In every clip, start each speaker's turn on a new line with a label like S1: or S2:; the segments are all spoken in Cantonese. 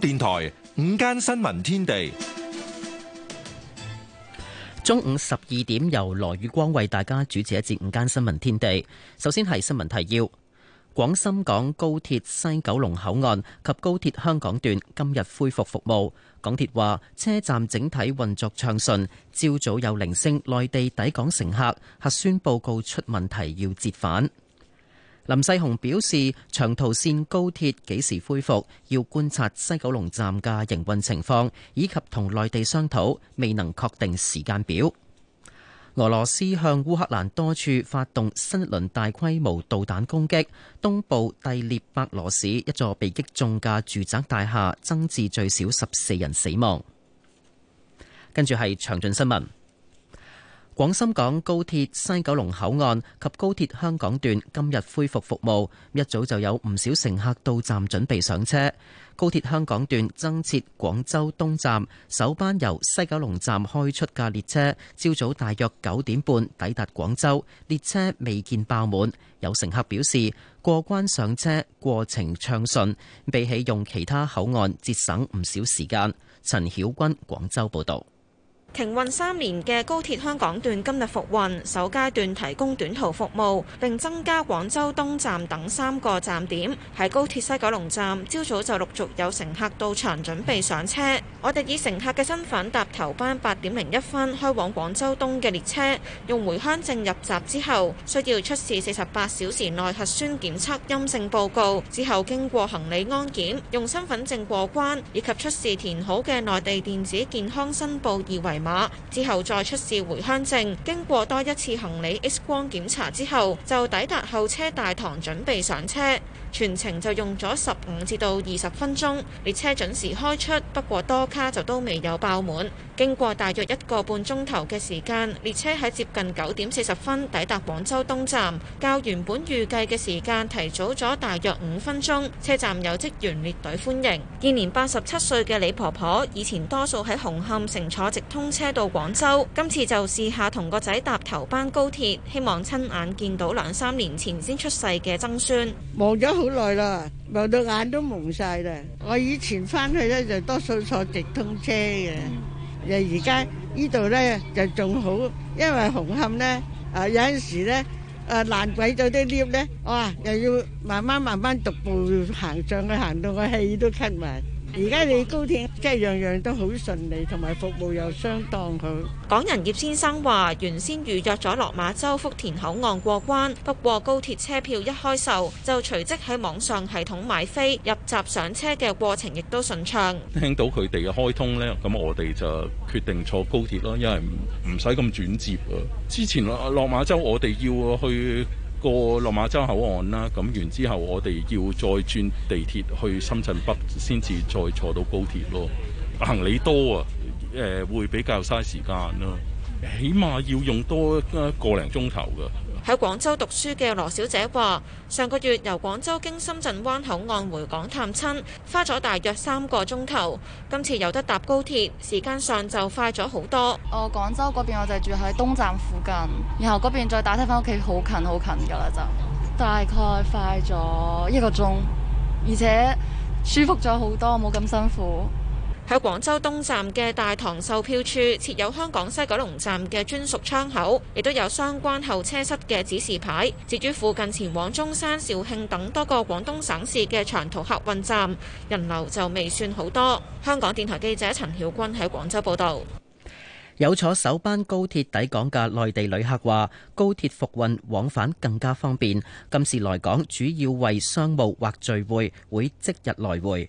S1: 電台午間新聞
S2: 天地，中午十二點由羅宇光為大家主持一節午間新聞天地。首先係新聞提要：廣深港高鐵西九龍口岸及高鐵香港段今日恢復服務，港鐵話車站整體運作暢順，朝早有零星內地抵港乘客核酸報告出問題要折返。林世雄表示，長途線高鐵幾時恢復，要觀察西九龍站嘅營運情況，以及同內地商討，未能確定時間表。俄羅斯向烏克蘭多處發動新一輪大規模導彈攻擊，東部第列伯羅市一座被擊中嘅住宅大廈，增至最少十四人死亡。跟住係詳盡新聞。廣深港高鐵西九龍口岸及高鐵香港段今日恢復服務，一早就有唔少乘客到站準備上車。高鐵香港段增設廣州東站，首班由西九龍站開出嘅列車，朝早大約九點半抵達廣州，列車未見爆滿。有乘客表示，過關上車過程暢順，比起用其他口岸節省唔少時間。陳曉君廣州報道。
S3: 停運三年嘅高鐵香港段今日復運，首階段提供短途服務，並增加廣州東站等三個站點。喺高鐵西九龍站，朝早就陸續有乘客到場準備上車。我哋以乘客嘅身份搭頭班八點零一分開往廣州東嘅列車，用回鄉證入閘之後，需要出示四十八小時內核酸檢測陰性報告，之後經過行李安檢，用身份證過關，以及出示填好嘅內地電子健康申報二維。之後再出示回鄉證，經過多一次行李 X 光檢查之後，就抵達候車大堂準備上車。全程就用咗十五至到二十分鐘，列車準時開出，不過多卡就都未有爆滿。經過大約一個半鐘頭嘅時間，列車喺接近九點四十分抵達廣州東站，較原本預計嘅時間提早咗大約五分鐘，車站有職員列隊歡迎。現年八十七歲嘅李婆婆以前多數喺紅磡乘坐直通車到廣州，今次就試下同個仔搭頭班高鐵，希望親眼見到兩三年前先出世嘅曾孫。好耐啦，望到眼都蒙晒啦。我以前翻去咧就多數坐直通車嘅，又而家呢度咧就仲好，因為紅磡咧啊、呃、有陣時咧啊、呃、爛鬼咗啲 lift 咧，哇又要慢慢慢慢獨步行上去，行到個氣都咳埋。而家你高鐵即係樣樣都好順利，同埋服務又相當好。港人葉先生話：原先預約咗落馬洲福田口岸過關，不過高鐵車票一開售就隨即喺網上系統買飛，入閘上車嘅過程亦都順暢。
S1: 聽到佢哋嘅開通呢，咁我哋就決定坐高鐵咯，因為唔唔使咁轉接啊。之前落馬洲我哋要去。過落馬洲口岸啦，咁完之後我哋要再轉地鐵去深圳北，先至再坐到高鐵咯。行李多啊，誒、呃、會比較嘥時間咯，啊，起碼要用多一個零鐘頭噶。
S3: 喺廣州讀書嘅羅小姐話：上個月由廣州經深圳灣口岸回港探親，花咗大約三個鐘頭。今次有得搭高鐵，時間上就快咗好多。我廣州嗰邊我就住喺東站附近，然後嗰邊再打車返屋企，好近好近㗎啦就。大概快咗一個鐘，而且舒服咗好多，冇咁辛苦。喺廣州東站嘅大堂售票處設有香港西九龍站嘅專屬窗口，亦都有相關候車室嘅指示牌。至於附近前往中山、肇慶等多個廣東省市嘅長途客運站，人流就未算好多。香港電台記者陳曉君喺廣州報道。
S2: 有坐首班高鐵抵港嘅內地旅客話：高鐵復運往返更加方便，今時來港主要為商務或聚會，會即日來回。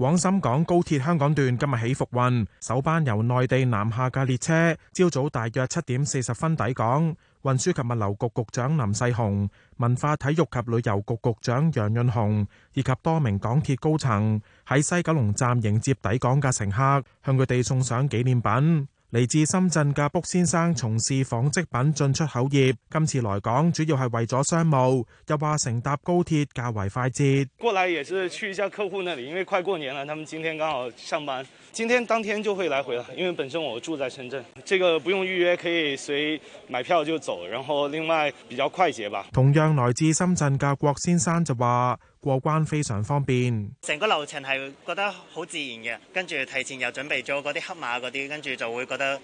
S1: 廣深港高鐵香港段今日起復運，首班由內地南下嘅列車，朝早大約七點四十分抵港。運輸及物流局局長林世雄、文化體育及旅遊局局長楊潤雄以及多名港鐵高層喺西九龍站迎接抵港嘅乘客，向佢哋送上紀念品。嚟自深圳嘅卜先生從事紡織品進出口業，今次來港主要係為咗商務，又話乘搭高鐵較為快捷。過來也是去一下客戶那裏，因為快過年了，他們今天剛好上班，今天當天就會來回啦。因為本身我住在深圳，這個不用預約，可以隨買票就走，然後另外比較快捷吧。同樣來自深圳嘅郭先生就話。過關非常方便，成個流程係
S4: 覺得好自然嘅，跟住提前又準備咗嗰啲黑馬嗰啲，跟住就會覺得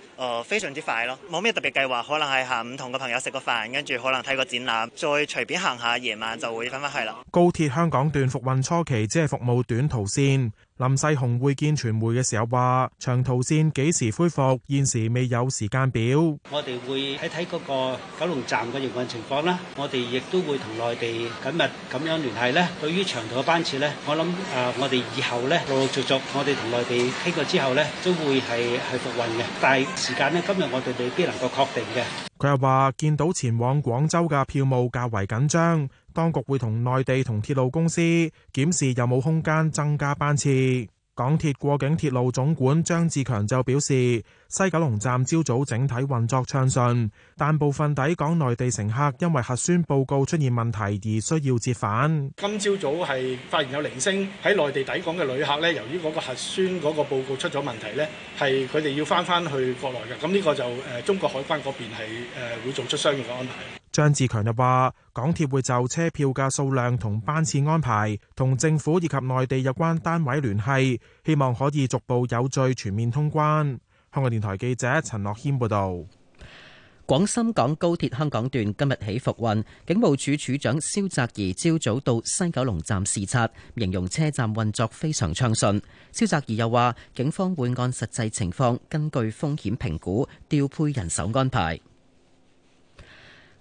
S4: 非常之快咯。冇咩特別計劃，可能係下午同個朋友食個飯，跟住可能睇個展覽，再隨便行下，夜晚就會翻返去啦。
S1: 高鐵香港段復運初期只係服務短途線。林世雄會見傳媒嘅時候話：長途線幾時恢復？現時未有時間表。我哋會睇睇嗰個九龍站嘅營運情況啦。我哋亦都會同內地緊密咁樣聯繫咧。對於長途嘅班次咧，我諗啊、呃，我哋以後咧陸陸續續，我哋同內地傾過之後咧，都會係係復運嘅。但係時間咧，今日我哋未必能夠確定嘅。佢又話：見到前往廣州嘅票務較為緊張，當局會同內地同鐵路公司檢視有冇空間增加班次。港鐵過境鐵路總管張志強就表示，西九龍站朝早整體運作暢順，但部分抵港內地乘客因為核酸報告出現問題而需要折返。今朝早係發現有零星喺內地抵港嘅旅客咧，由於嗰個核酸嗰個報告出咗問題咧，係佢哋要翻翻去國內嘅。咁呢個就誒，中國海關嗰邊係誒會做出相應嘅安排。張志強就話：港鐵會就車票價、數量同班次安排，同政府以及內地有關單位聯繫，希望可以逐步有序全面通關。香港電台記者陳樂謙報道。廣深港高鐵香港段今日起復運，警務處
S2: 處長蕭澤頤朝早到西九龍站視察，形容車站運作非常暢順。蕭澤頤又話，警方會按實際情況，根據風險評估調配人手安排。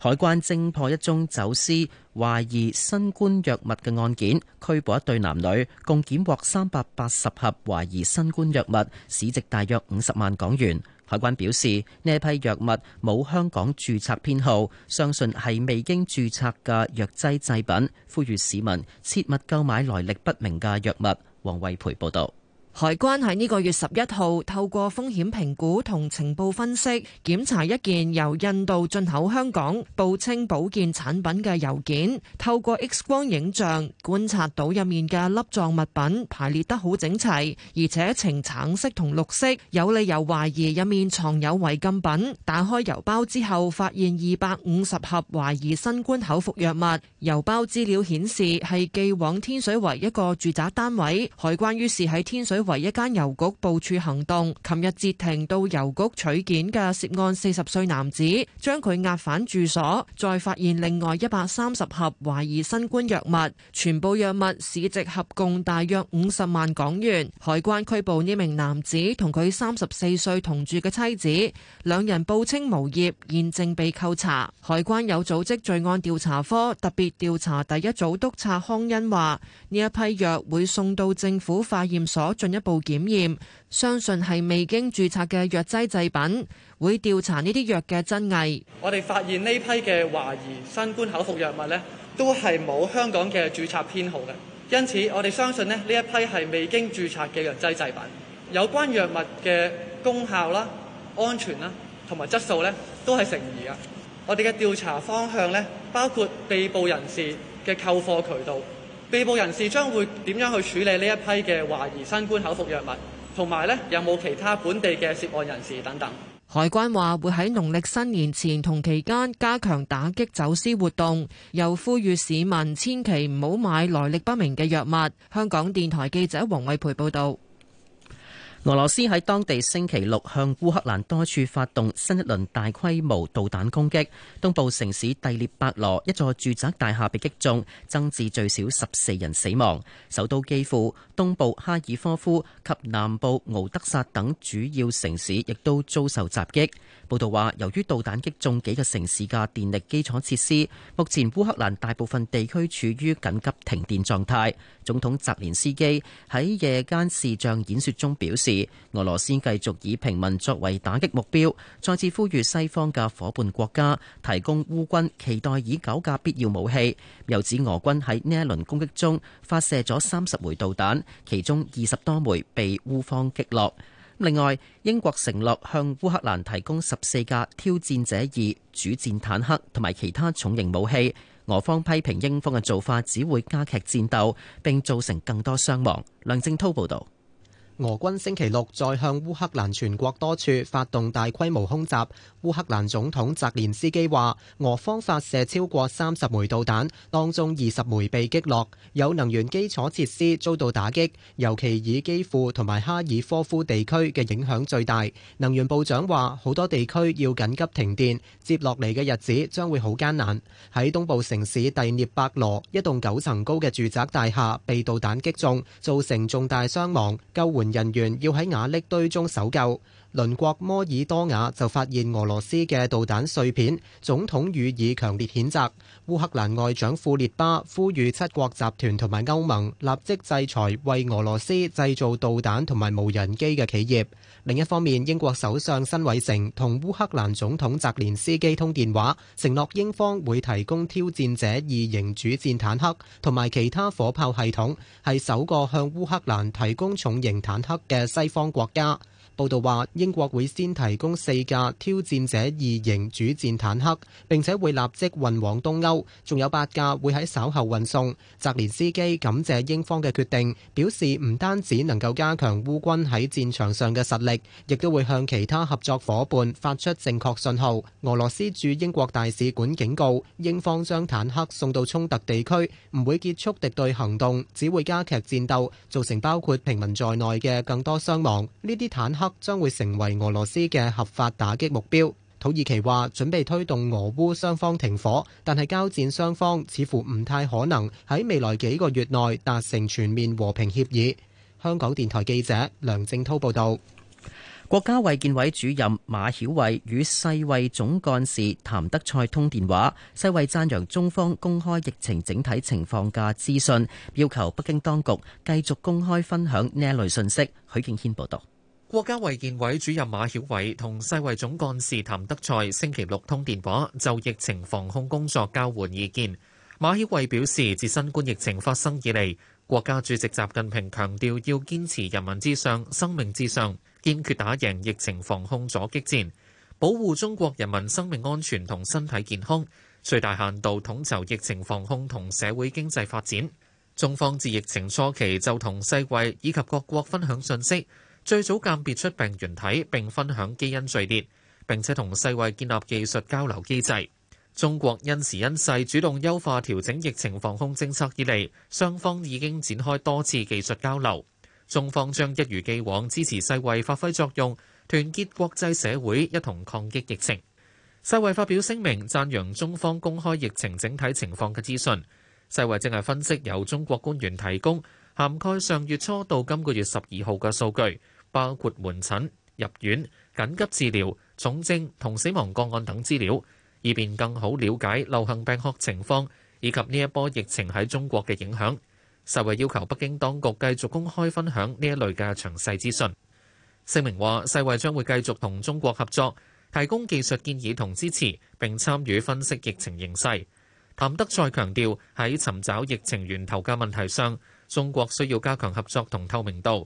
S2: 海關偵破一宗走私懷疑新冠藥物嘅案件，拘捕一對男女，共檢獲三百八十盒懷疑新冠藥物，市值大約五十萬港元。海關表示，呢批藥物冇香港注冊編號，相信係未經注冊嘅藥劑製品，呼籲市民切勿購買來歷不明嘅藥物。王慧培報道。
S5: 海關喺呢個月十一號透過風險評估同情報分析，檢查一件由印度進口香港報稱保健產品嘅郵件，透過 X 光影像觀察到入面嘅粒狀物品排列得好整齊，而且呈橙色同綠色，有理由懷疑入面藏有違禁品。打開郵包之後，發現二百五十盒懷疑新冠口服藥物。郵包資料顯示係寄往天水圍一個住宅單位，海關於是喺天水。為一間郵局部署行動，琴日截停到郵局取件嘅涉案四十歲男子，將佢押返住所，再發現另外一百三十盒懷疑新冠藥物，全部藥物市值合共大約五十萬港元。海關拘捕呢名男子同佢三十四歲同住嘅妻子，兩人報稱無業，現正被扣查。海關有組織罪案調查科特別調查第一組督察康恩話：呢一批藥會送到政府化驗所進一步檢驗，相信係未經注冊嘅藥劑製品，會調查呢啲藥嘅真偽。
S4: 我哋發現呢批嘅懷疑新冠口服藥物咧，都係冇香港嘅注冊編號嘅，因此我哋相信咧，呢一批係未經注冊嘅藥劑製品。有關藥物嘅功效啦、安全啦同埋質素咧，都係成疑啊，我哋嘅調查方向咧，包括被捕人士嘅購貨渠道。被捕人士將會點樣去處理呢一批嘅懷疑新冠口服藥物，同埋咧有冇其他本地嘅涉案人士等等。
S5: 海關話會喺農曆新年前同期間加強打擊走私活動，又呼籲市民千祈唔好買來歷不明嘅藥物。香港電台記者黃惠
S2: 培報道。俄羅斯喺當地星期六向烏克蘭多處發動新一輪大規模導彈攻擊，東部城市第聶伯羅一座住宅大廈被擊中，增至最少十四人死亡。首都基輔、東部哈爾科夫及南部敖德薩等主要城市亦都遭受襲擊。報道話，由於導彈擊中幾個城市嘅電力基礎設施，目前烏克蘭大部分地區處於緊急停電狀態。總統澤連斯基喺夜間視像演說中表示。俄羅斯繼續以平民作為打擊目標，再次呼籲西方嘅伙伴國家提供烏軍期待已久嘅必要武器。又指俄軍喺呢一輪攻擊中發射咗三十枚導彈，其中二十多枚被烏方擊落。另外，英國承諾向烏克蘭提供十四架挑戰者二主戰坦克同埋其他重型武器。俄方批評英方嘅做法只會加劇戰鬥，並造成更多傷亡。梁正濤報道。俄軍星期六再向烏克蘭全國多處發動大規模空
S6: 襲。烏克蘭總統澤連斯基話：俄方發射超過三十枚導彈，當中二十枚被擊落，有能源基礎設施遭到打擊，尤其以基輔同埋哈爾科夫地區嘅影響最大。能源部長話：好多地區要緊急停電，接落嚟嘅日子將會好艱難。喺東部城市第涅伯羅，一棟九層高嘅住宅大廈被導彈擊中，造成重大傷亡，救援人員要喺瓦礫堆中搜救，鄰國摩爾多瓦就發現俄羅斯嘅導彈碎片。總統予以強烈譴責。烏克蘭外長庫列巴呼籲七國集團同埋歐盟立即制裁，為俄羅斯製造導彈同埋無人機嘅企業。另一方面，英國首相辛偉誠同烏克蘭總統澤連斯基通電話，承諾英方會提供挑戰者二型主戰坦克同埋其他火炮系統，係首個向烏克蘭提供重型坦克嘅西方國家。報道話，英國會先提供四架挑戰者二型主戰坦克，並且會立即運往東歐，仲有八架會喺稍後運送。澤連斯基感謝英方嘅決定，表示唔單止能夠加強烏軍喺戰場上嘅實力，亦都會向其他合作伙伴發出正確信號。俄羅斯駐英國大使館警告，英方將坦克送到衝突地區，唔會結束敵對行動，只會加劇戰鬥，造成包括平民在內嘅更多傷亡。呢啲坦克，將會成為俄羅斯嘅合法打擊目標。土耳其話準備推動俄烏雙方停火，但係交戰雙方似乎唔太可能喺未來幾個月內達成全面和平協議。香
S2: 港電台記者梁正濤報道。國家衛健委主任馬曉偉與世衛總幹事譚德塞通電話，世衛讚揚中方公開疫情整體情況嘅資訊，要求北京當局繼續公開分享呢類信息。許敬軒報道。
S4: 國家衛健委主任馬曉偉同世衛總幹事譚德賽星期六通電話，就疫情防控工作交換意見。馬曉偉表示，自新冠疫情發生以嚟，國家主席習近平強調要堅持人民至上、生命至上，堅決打贏疫情防控阻擊戰，保護中國人民生命安全同身體健康，最大限度統籌疫情防控同社會經濟發展。中方自疫情初期就同世衛以及各國分享信息。最早鑑別出病原體並分享基因序列，並且同世衛建立技術交流機制。中國因時因勢主動優化調整疫情防控政策以嚟，雙方已經展開多次技術交流。中方將一如既往支持世衛發揮作用，團結國際社會一同抗擊疫情。世衛發表聲明讚揚中方公開疫情整體情況嘅資訊。世衛正系分析由中國官員提供涵蓋上月初到今個月十二號嘅數據。包括門診、入院、緊急治療、重症同死亡個案等資料，以便更好了解流行病學情況以及呢一波疫情喺中國嘅影響。世衛要求北京當局繼續公開分享呢一類嘅詳細資訊。聲明話，世衛將會繼續同中國合作，提供技術建議同支持，並參與分析疫情形勢。譚德塞強調喺尋找疫情源頭嘅問題上，中國需要加強合作同透明度。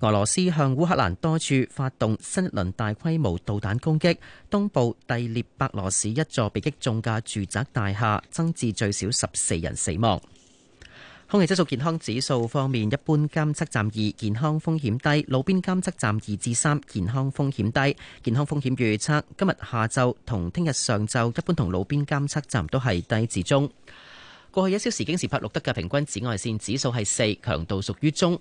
S2: 俄羅斯向烏克蘭多處發動新一輪大規模導彈攻擊，東部第聶伯羅市一座被擊中嘅住宅大廈，增至最少十四人死亡。空氣質素健康指數方面，一般監測站二，健康風險低；路邊監測站二至三，健康風險低。健康風險預測今日下晝同聽日上晝，一般同路邊監測站都係低至中。過去一小時京士柏錄得嘅平均紫外線指數係四，強度屬於中。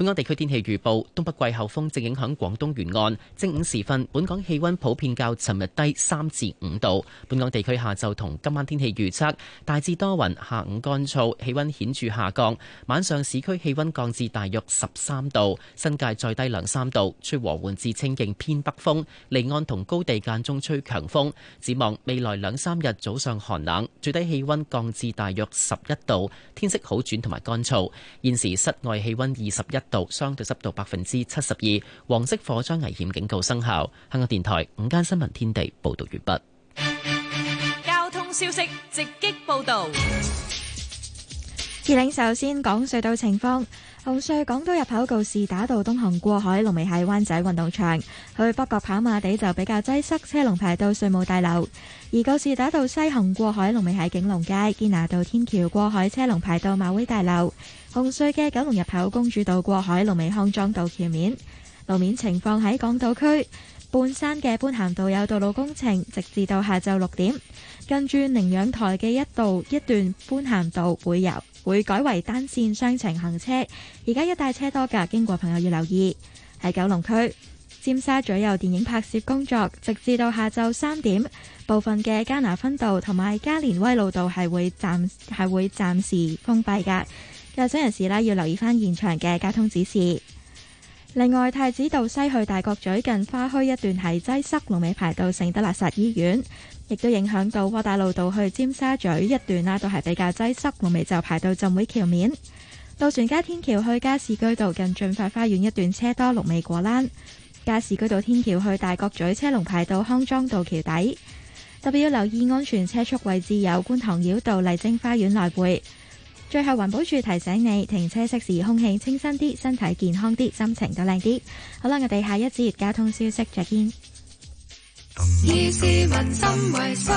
S2: 本港地區天氣預報：東北季候風正影響廣東沿岸。正午時分，本港氣温普遍較尋日低三至五度。本港地區下晝同今晚天氣預測大致多雲，下午乾燥，氣温顯著下降。晚上市區氣温降至大約十三度，新界再低兩三度。吹和緩至清勁偏北風，離岸同高地間中吹強風。展望未來兩三日早上寒冷，最低氣温降至大約十一度，天色好轉同埋乾燥。現時室外氣温二十一。度相對濕度百分之七十二。黃色火災危險警告生效。香港電台午間新聞天地報道完畢。
S5: 交通消息直擊報道。
S7: 葉嶺首先講隧道情況。紅隧港島入口告士打道東行過海，龍尾喺灣仔運動場；去北角跑馬地就比較擠塞，車龍排到稅務大樓。而告士打道西行過海，龍尾喺景隆街堅拿道天橋過海，車龍排到馬威大樓。紅隧嘅九龍入口公主道過海，龍尾康莊道橋面路面情況喺港島區半山嘅般咸道有道路工程，直至到下晝六點。近住寧養台嘅一度一段般咸道會游。會改為單線雙程行車，而家一帶車多噶，經過朋友要留意。喺九龍區尖沙咀有電影拍攝工作，直至到下晝三點，部分嘅加拿芬道同埋加連威路道係會暫係會暫時封閉噶，駕駛人士呢，要留意返現場嘅交通指示。另外，太子道西去大角咀近花墟一段係擠塞，龍尾排到聖德肋撒醫院，亦都影響到窩打老道去尖沙咀一段啦、啊，都係比較擠塞，龍尾就排到浸會橋面。渡船街天橋去加士居道近駿發花園一段車多龍，龍尾過欄。加士居道天橋去大角咀車龍排到康莊道橋底。特別要留意安全車速位置有觀塘繞道麗晶花園來回。最後，環保署提醒你，停車熄匙，空氣清新啲，身體健康啲，心情都靚啲。好啦，我哋下一節交通消息，再見。
S1: 以市民心為心，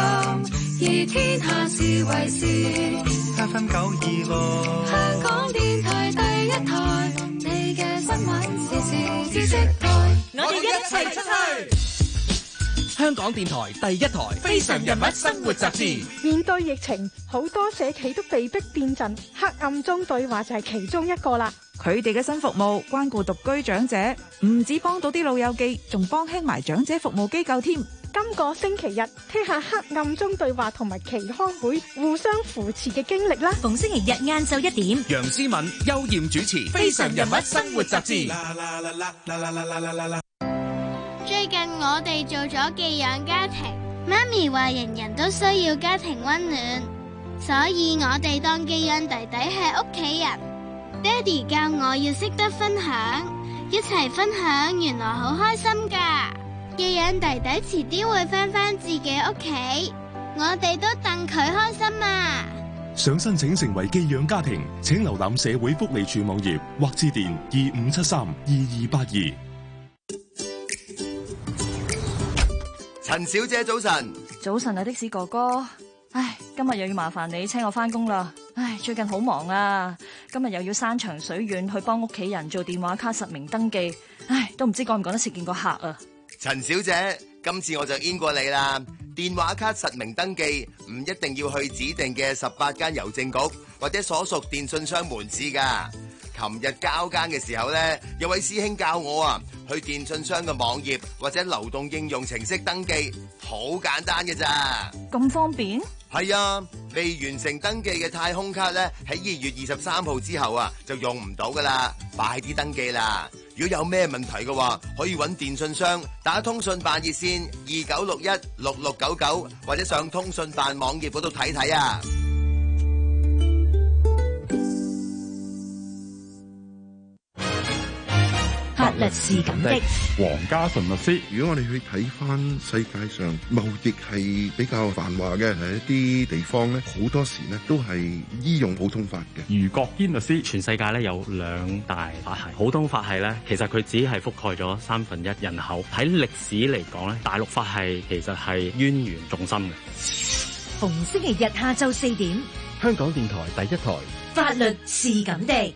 S1: 以天下事
S6: 為事。八分九二六，香港電台第一台，你嘅新聞時事知識台，我哋一齊出去。
S4: 香港電台第一台《非常人物生活雜誌》
S3: 面對疫情，好多社企都被迫變陣，黑暗中對話就係其中一個啦。佢哋嘅新服務關顧獨居長者，唔止幫到啲老友記，仲幫輕埋長者服務機構添。今個星期日聽下黑暗中對話同埋耆康會互相扶持嘅經歷啦。逢星期日晏晝
S2: 一點，
S1: 楊思敏、邱艷主持《非常人物生活雜誌》。
S7: 我哋做咗寄養家庭，媽咪話人人都需要家庭溫暖，所以我哋當寄養弟弟係屋企人。爹哋教我要識得分享，一齊分享原來好開心噶。寄養弟弟遲啲會翻返自己屋企，我哋都戥佢開心啊！
S6: 想申請成為寄養家庭，請瀏覽社會福利署網頁或致電二五七三二二八二。陳小姐，早晨，
S3: 早晨啊！的士哥哥，唉，今日又要麻煩你車我返工啦。唉，最近好忙啊，今日又要山長水遠去幫屋企人做電話卡實名登記，唉，都唔知趕唔趕得切見個客啊。
S6: 陳小姐，今次我就 in 過你啦。電話卡實名登記唔一定要去指定嘅十八間郵政局或者所屬電信商門市噶。琴日交更嘅時候呢，有位師兄教我啊，去電信商嘅網頁或者流動應用程式登記，好簡單嘅咋。
S3: 咁方便？
S6: 係啊，未完成登記嘅太空卡呢，喺二月二十三號之後啊，就用唔到噶啦，快啲登記啦！如果有咩問題嘅話，可以揾電信商打通訊辦熱線二九六一六六九九，或者上通訊辦網頁嗰度睇睇啊。
S4: 是咁的，黃家順律師。如果我哋去睇翻世界上貿易係比較繁華嘅係一啲地方咧，好多時呢都係沿用普通法嘅。余國堅律師，全世界咧有兩大法系，普通法系咧，其實佢只係覆蓋咗三分一人口。喺歷史嚟講咧，大陸法系其實係淵源重心嘅。
S1: 逢星期日下晝
S3: 四點，
S4: 香港電台第一台
S3: 法律是咁的。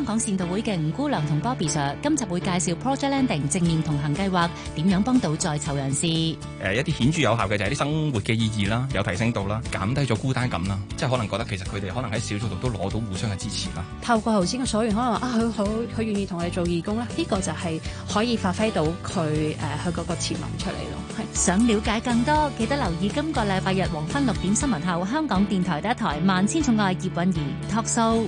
S3: 香港善道會嘅吳姑娘同 Bobby Sir，今集會介紹 Project Landing 正面同
S2: 行計劃，點樣幫到在囚人士？
S4: 誒，一啲顯著有效嘅就係啲生活嘅意義啦，有提升到啦，減低咗孤單感啦，即係可能覺得其實佢哋可能喺小組度都攞到互相嘅支持啦。
S5: 透過頭先嘅所言，可能啊，佢好佢願意同我哋做義工咧，呢個就係可以發揮到佢誒佢嗰個潛能出嚟咯。係想了解更多，記得留意今個禮拜日黃昏六點新聞後，香港電台第一台萬千寵愛葉韻儀 talk show。